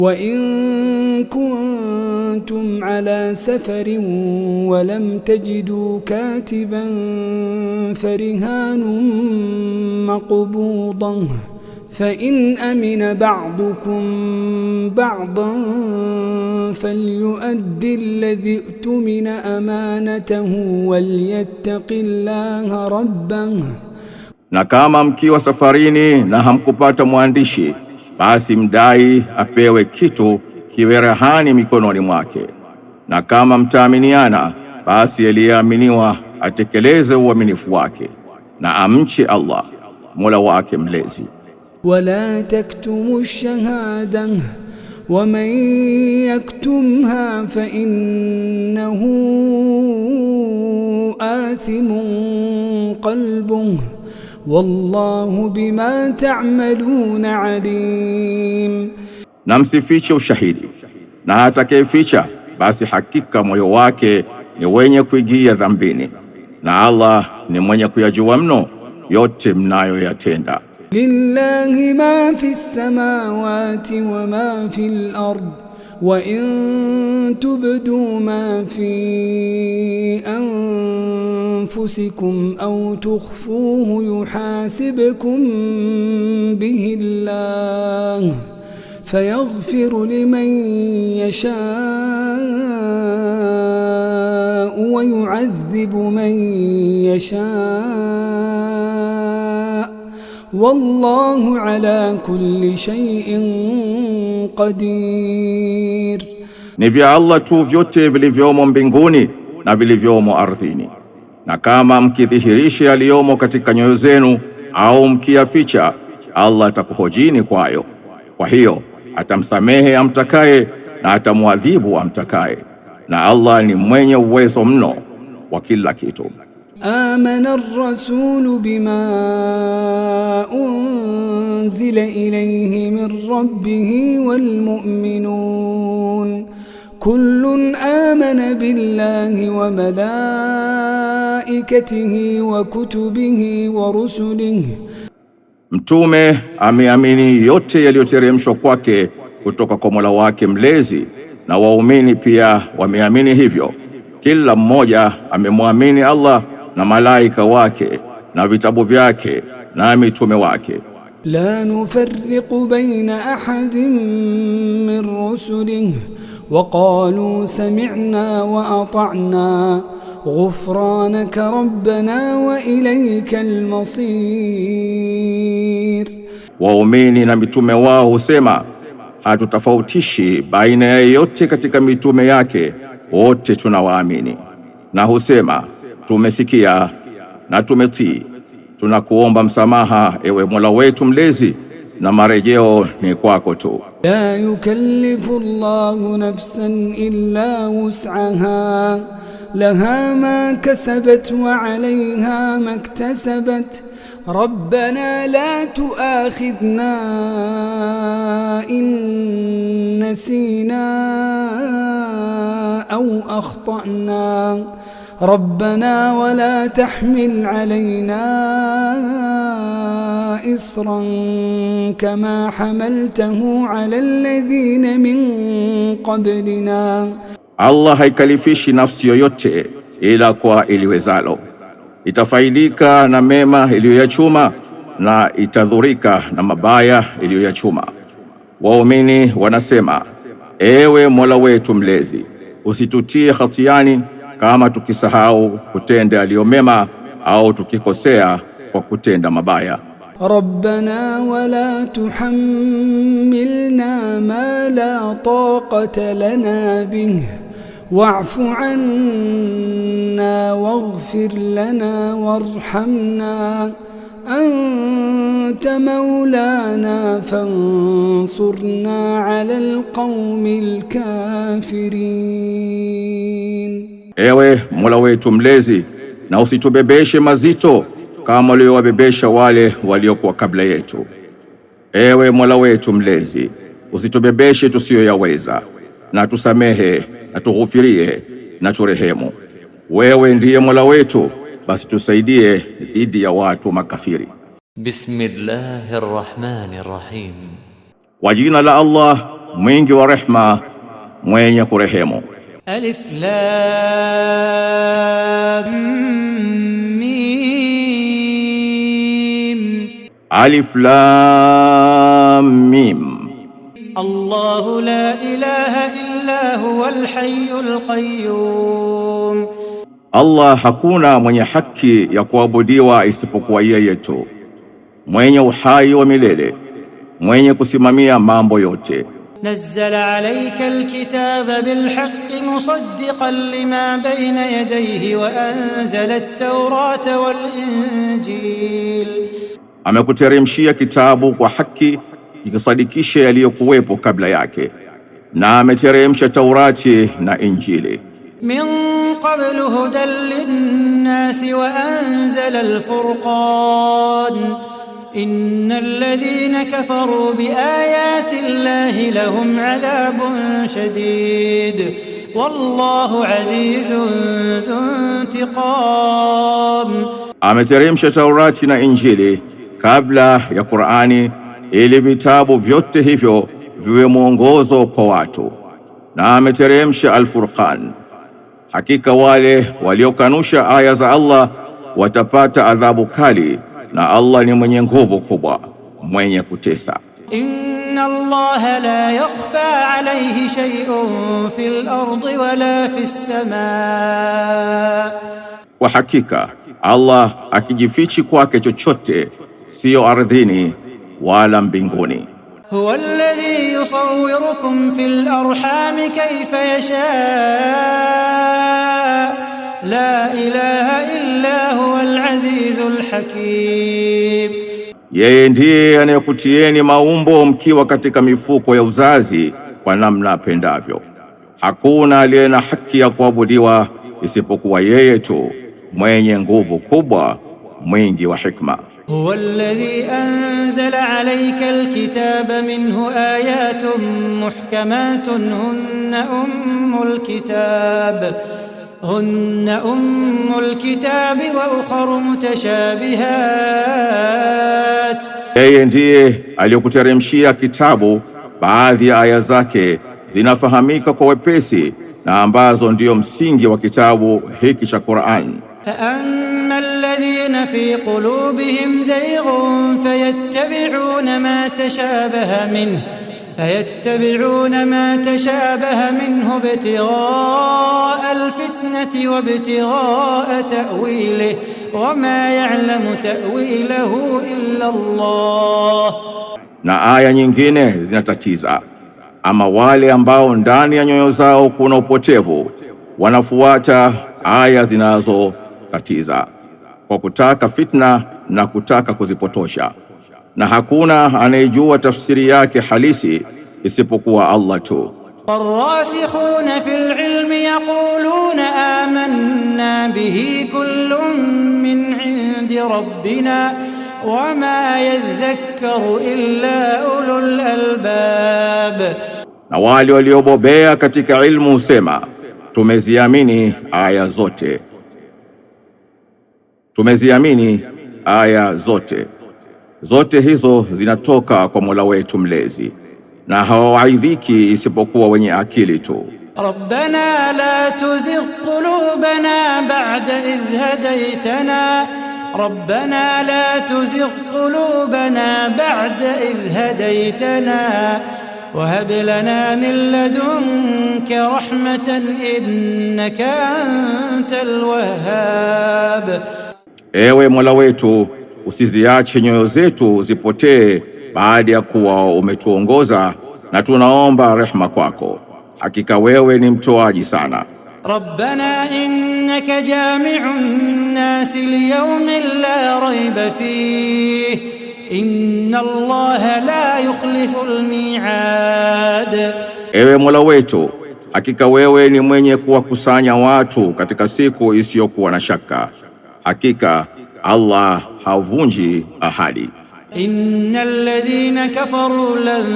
وإن كنتم على سفر ولم تجدوا كاتبا فرهان مقبوضا فإن أمن بعضكم بعضا فليؤد الذي اؤتمن أمانته وليتق الله ربه. Na kama وسفريني نهم كوباتا مواندشي basi mdai apewe kitu kiwe rehani mikononi mwake, na kama mtaaminiana, basi aliyeaminiwa atekeleze uaminifu wake na amche Allah Mola wake mlezi. wala taktumu shahada wa man yaktumha fa innahu athimun qalbuhu wallahu bima ta'malun alim, na msifiche ushahidi na atakayeficha basi hakika moyo wake ni wenye kuigia dhambini, na Allah ni mwenye kuyajua mno yote mnayoyatenda. lillahi ma fi samawati wa ma fi al-ard وإن تبدوا ما في أنفسكم أو تخفوه يحاسبكم به الله فيغفر لمن يشاء ويعذب من يشاء wallahu ala kulli shay'in qadir, ni vya Allah tu vyote vilivyomo mbinguni na vilivyomo ardhini, na kama mkidhihirisha yaliyomo katika nyoyo zenu au mkiyaficha, Allah atakuhojini kwayo. Kwa hiyo atamsamehe amtakaye na atamwadhibu amtakaye, na Allah ni mwenye uwezo mno wa kila kitu. آمن الرسول بما أنزل إليه من ربه والمؤمنون كل آمن بالله وملائكته وكتبه ورسله Mtume ameamini yote yaliyoteremshwa kwake kutoka kwa Mola wake mlezi na waumini pia wameamini hivyo. Kila mmoja amemwamini Allah na malaika wake na vitabu vyake na mitume wake. La nufarriqu baina ahadin min rusulihi wa qalu sami'na wa ata'na ghufranaka rabbana wa ilaykal masir, waumini na mitume wao husema hatutofautishi baina ya yeyote katika mitume yake, wote tunawaamini. Na husema tumesikia na tumetii. Tunakuomba msamaha, ewe Mola wetu mlezi, na marejeo ni kwako tu. La yukallifu Allahu nafsan illa wus'aha laha ma kasabat wa 'alayha ma iktasabat rabbana la tu'akhidhna in nasina aw akhtana ربنا ولا تحمل علينا إصرا كما حملته على الذين min qablina, Allah haikalifishi nafsi yoyote ila kwa iliwezalo, itafaidika na mema iliyoyachuma na itadhurika na mabaya iliyoyachuma. Waumini wanasema, ewe Mola wetu mlezi, usitutie hatiani kama tukisahau kutenda aliyomema au tukikosea kwa kutenda mabaya ربنا ولا تحملنا ما لا طاقة لنا به واعف عنا واغفر لنا وارحمنا أنت مولانا فانصرنا على القوم الكافرين Ewe Mola wetu mlezi, na usitubebeshe mazito kama uliyowabebesha wale waliokuwa kabla yetu. Ewe Mola wetu mlezi, usitubebeshe tusiyoyaweza, na tusamehe na tughufirie na turehemu. Wewe ndiye Mola wetu, basi tusaidie dhidi ya watu makafiri. Bismillahir Rahmanir Rahim, kwa jina la Allah mwingi wa rehma mwenye kurehemu. Alif Lam Mim. Alif Lam Mim. Allahu la ilaha illa huwal hayyul qayyum. Allah, hakuna mwenye haki ya kuabudiwa isipokuwa yeye tu, mwenye uhai wa milele, mwenye kusimamia mambo yote نزل عليك الكتاب بالحق مصدقا لما بين يديه وأنزل التوراة والإنجيل amekuteremshia kitabu kwa haki kikisadikisha yaliyokuwepo kabla yake na ameteremsha Taurati na Injili min qablu hudan linnasi wa anzala alfurqan إن الذين كفروا بآيات الله لهم عذاب شديد wallahu azizun intiqam, ameteremsha Taurati na Injili kabla ya Qur'ani ili vitabu vyote hivyo viwe mwongozo kwa watu, na ameteremsha Al-Furqan. Hakika wale waliokanusha aya za Allah watapata adhabu kali na Allah ni mwenye nguvu kubwa, mwenye kutesa. Inna Allah la yakhfa alayhi shay'un fil ardi wala fis samaa, kwa hakika Allah akijifichi kwake chochote, siyo ardhini wala mbinguni. Huwa alladhi yusawwirukum fil arham kayfa yasha لا ilaha illa هو العزيز الحكيم yeye ndiye anayekutieni maumbo mkiwa katika mifuko ya uzazi kwa namna apendavyo. Hakuna aliye na haki ya kuabudiwa isipokuwa yeye tu, mwenye nguvu kubwa, mwingi wa hikma. Huwa alladhi anzala alayka alkitaba minhu ayatun muhkamatun hunna ummul kitab هن أم الكتاب واخر mutashabihat, yeye ndiye aliyokuteremshia kitabu, baadhi ya aya zake zinafahamika kwa wepesi na ambazo ndiyo msingi wa kitabu hiki cha Qur'an. Faamma alladhina fi qulubihim zayghun fayattabi'una ma tashabaha minhu فيتبعون ما تشابه منه ابتغاء الفتنة وابتغاء تأويله وما يعلم ta'wilahu illa الله Na aya nyingine zinatatiza, ama wale ambao ndani ya nyoyo zao kuna upotevu wanafuata aya zinazotatiza kwa kutaka fitna na kutaka kuzipotosha na hakuna anayejua tafsiri yake halisi isipokuwa Allah tu. Warasikhuna fil ilmi yaquluna amanna bihi kullun min indi rabbina wama yadhakkaru illa ulul albab, na wale waliobobea katika ilmu husema tumeziamini aya zote, tumeziamini aya zote Zote hizo zinatoka kwa Mola wetu mlezi na hawawaidhiki isipokuwa wenye akili tu. Rabbana la tuzigh qulubana ba'da idh hadaytana Rabbana la tuzigh qulubana ba'da idh hadaytana wa hab lana min ladunka rahmatan innaka antal wahhab, Ewe Mola wetu usiziache nyoyo zetu zipotee baada ya kuwa umetuongoza, na tunaomba rehma kwako, hakika wewe ni mtoaji sana. Rabbana innaka jami'un nas liyawmin la rayba fih inna Allah la yukhlifu almi'ad, ewe Mola wetu, hakika wewe ni mwenye kuwakusanya watu katika siku isiyokuwa na shaka, hakika Allah havunji ahadi. Innal ladhina kafaru lan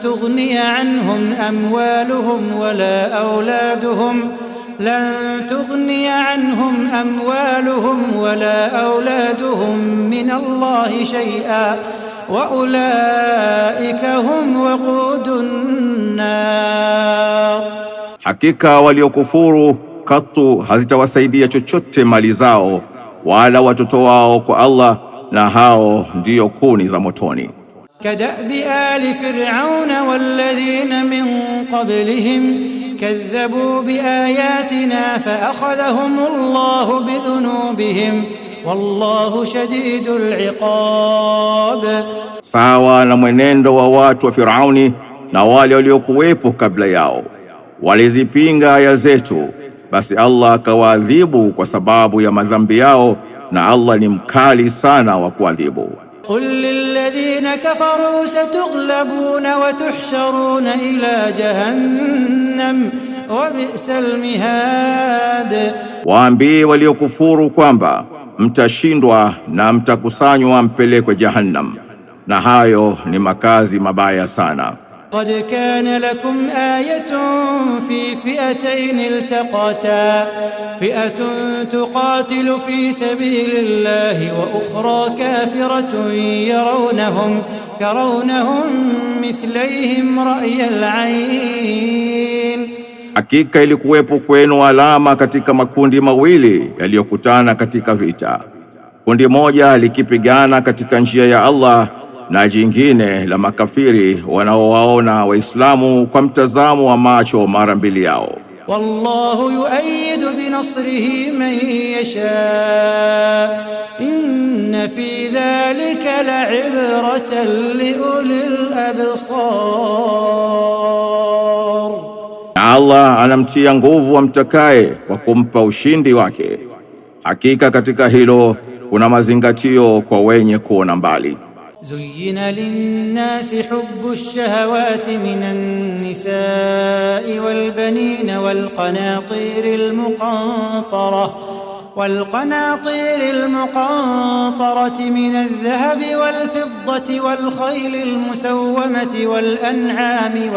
tughniya anhum amwaluhum wala auladuhum lan tughniya anhum amwaluhum wala auladuhum min Allahi shay'a wa ulaika hum waqudun nar, hakika waliokufuru katu hazitawasaidia chochote mali zao wala watoto wao kwa Allah, na hao ndiyo kuni za motoni. kadabi ali fir'aun walladhina min qablihim kadhabu biayatina faakhadhahum Allahu bidhunubihim wallahu shadidul iqab, sawa na mwenendo wa watu wa Firauni na wale waliokuwepo kabla yao, walizipinga aya zetu basi Allah akawaadhibu kwa sababu ya madhambi yao, na Allah ni mkali sana wa kuadhibu. Qul lilladhina kafaru satughlabuna wa tuhsharuna ila jahannam wa bi'sal mihad, waambie waliokufuru kwamba mtashindwa na mtakusanywa mpelekwe Jahannam, na hayo ni makazi mabaya sana. قد كان لكم آية في فئتين التقتا فئة تقاتل في سبيل الله وأخرى كافرة يرونهم يرونهم مثليهم رأي العين Hakika ilikuwepo kwenu alama katika makundi mawili yaliyokutana katika vita. Kundi moja likipigana katika njia ya Allah na jingine la makafiri wanaowaona Waislamu kwa mtazamo wa macho mara mbili yao. Wallahu yuayidu binasrihi man yasha inna fi dhalika li ulil absar, na Allah anamtia nguvu amtakaye kwa kumpa ushindi wake. Hakika katika hilo kuna mazingatio kwa wenye kuona mbali. زين للناس حب الشهوات من النساء والبنين والقناطير المقنطرة والقناطير المقنطرة من الذهب والفضة والخيل المسومة والأنعام